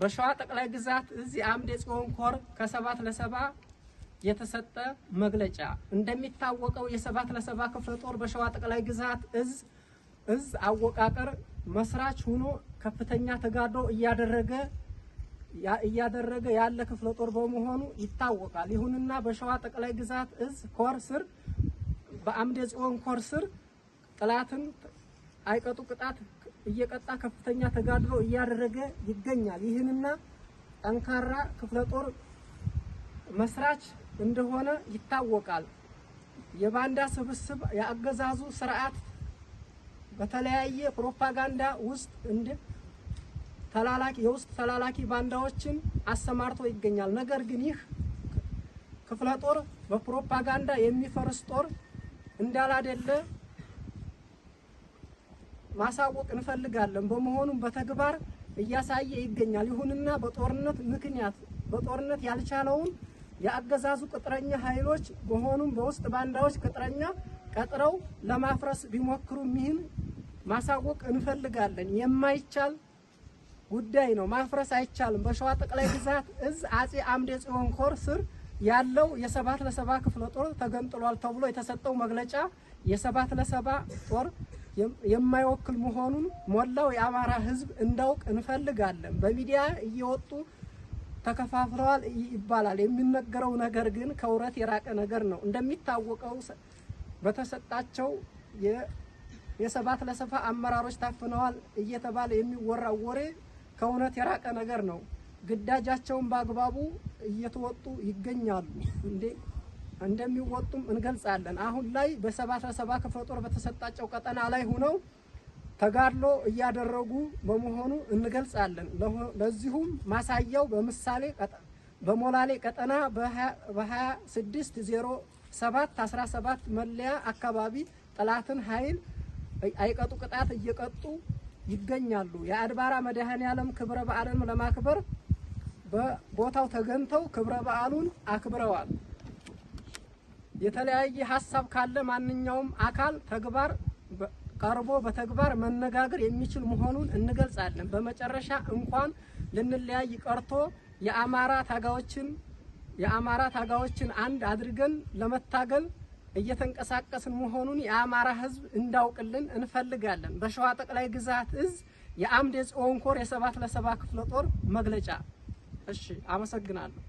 በሸዋ ጠቅላይ ግዛት እዚህ አምዴ ጽዮን ኮር ከሰባት ለሰባ የተሰጠ መግለጫ። እንደሚታወቀው የሰባት ለሰባ ክፍለ ጦር በሸዋ ጠቅላይ ግዛት እዝ እዝ አወቃቀር መስራች ሆኖ ከፍተኛ ተጋድሎ እያደረገ እያደረገ ያለ ክፍለ ጦር በመሆኑ ይታወቃል። ይሁንና በሸዋ ጠቅላይ ግዛት እዝ ኮር ስር በአምደ ጽዮን ኮር ስር ጥላትን አይቀጡ ቅጣት እየቀጣ ከፍተኛ ተጋድሎ እያደረገ ይገኛል። ይህንና ጠንካራ ክፍለ ጦር መስራች እንደሆነ ይታወቃል። የባንዳ ስብስብ የአገዛዙ ስርዓት በተለያየ ፕሮፓጋንዳ ውስጥ እንደ ተላላኪ የውስጥ ተላላኪ ባንዳዎችን አሰማርቶ ይገኛል። ነገር ግን ይህ ክፍለ ጦር በፕሮፓጋንዳ የሚፈርስ ጦር እንዳላደለ ማሳወቅ እንፈልጋለን። በመሆኑም በተግባር እያሳየ ይገኛል። ይሁንና በጦርነት ምክንያት በጦርነት ያልቻለውን የአገዛዙ ቅጥረኛ ኃይሎች በሆኑም በውስጥ ባንዳዎች ቅጥረኛ ቀጥረው ለማፍረስ ቢሞክሩም ይህን ማሳወቅ እንፈልጋለን። የማይቻል ጉዳይ ነው። ማፍረስ አይቻልም። በሸዋ ጠቅላይ ግዛት እዝ አጼ አምደ ጽዮን ኮር ስር ያለው የሰባት ለሰባ ክፍለ ጦር ተገንጥሏል ተብሎ የተሰጠው መግለጫ የሰባት ለሰባ ጦር የማይወክል መሆኑን ሞላው የአማራ ህዝብ እንዳውቅ እንፈልጋለን። በሚዲያ እየወጡ ተከፋፍለዋል ይባላል። የሚነገረው ነገር ግን ከእውነት የራቀ ነገር ነው። እንደሚታወቀው በተሰጣቸው የሰባት ለሰፋ አመራሮች ታፍነዋል እየተባለ የሚወራው ወሬ ከእውነት የራቀ ነገር ነው። ግዳጃቸውን በአግባቡ እየተወጡ ይገኛሉ እንዴ? እንደሚወጡም እንገልጻለን። አሁን ላይ በሰባት ለሰባ ክፍለ ጦር በተሰጣቸው ቀጠና ላይ ሆነው ተጋድሎ እያደረጉ በመሆኑ እንገልጻለን። ለዚሁም ማሳያው በምሳሌ በሞላሌ ቀጠና በ2607 17 መለያ አካባቢ ጠላትን ኃይል አይቀጡ ቅጣት እየቀጡ ይገኛሉ። የአድባራ መድኃኔ ዓለም ክብረ በዓልን ለማክበር በቦታው ተገኝተው ክብረ በዓሉን አክብረዋል። የተለያየ ሀሳብ ካለ ማንኛውም አካል ተግባር ቀርቦ በተግባር መነጋገር የሚችል መሆኑን እንገልጻለን። በመጨረሻ እንኳን ልንለያይ ቀርቶ የአማራ ታጋዎችን የአማራ ታጋዎችን አንድ አድርገን ለመታገል እየተንቀሳቀስን መሆኑን የአማራ ሕዝብ እንዳውቅልን እንፈልጋለን። በሸዋ ጠቅላይ ግዛት እዝ የአምድ የጽዮን ኮር የሰባት ለሰባ ክፍለ ጦር መግለጫ። እሺ፣ አመሰግናለሁ።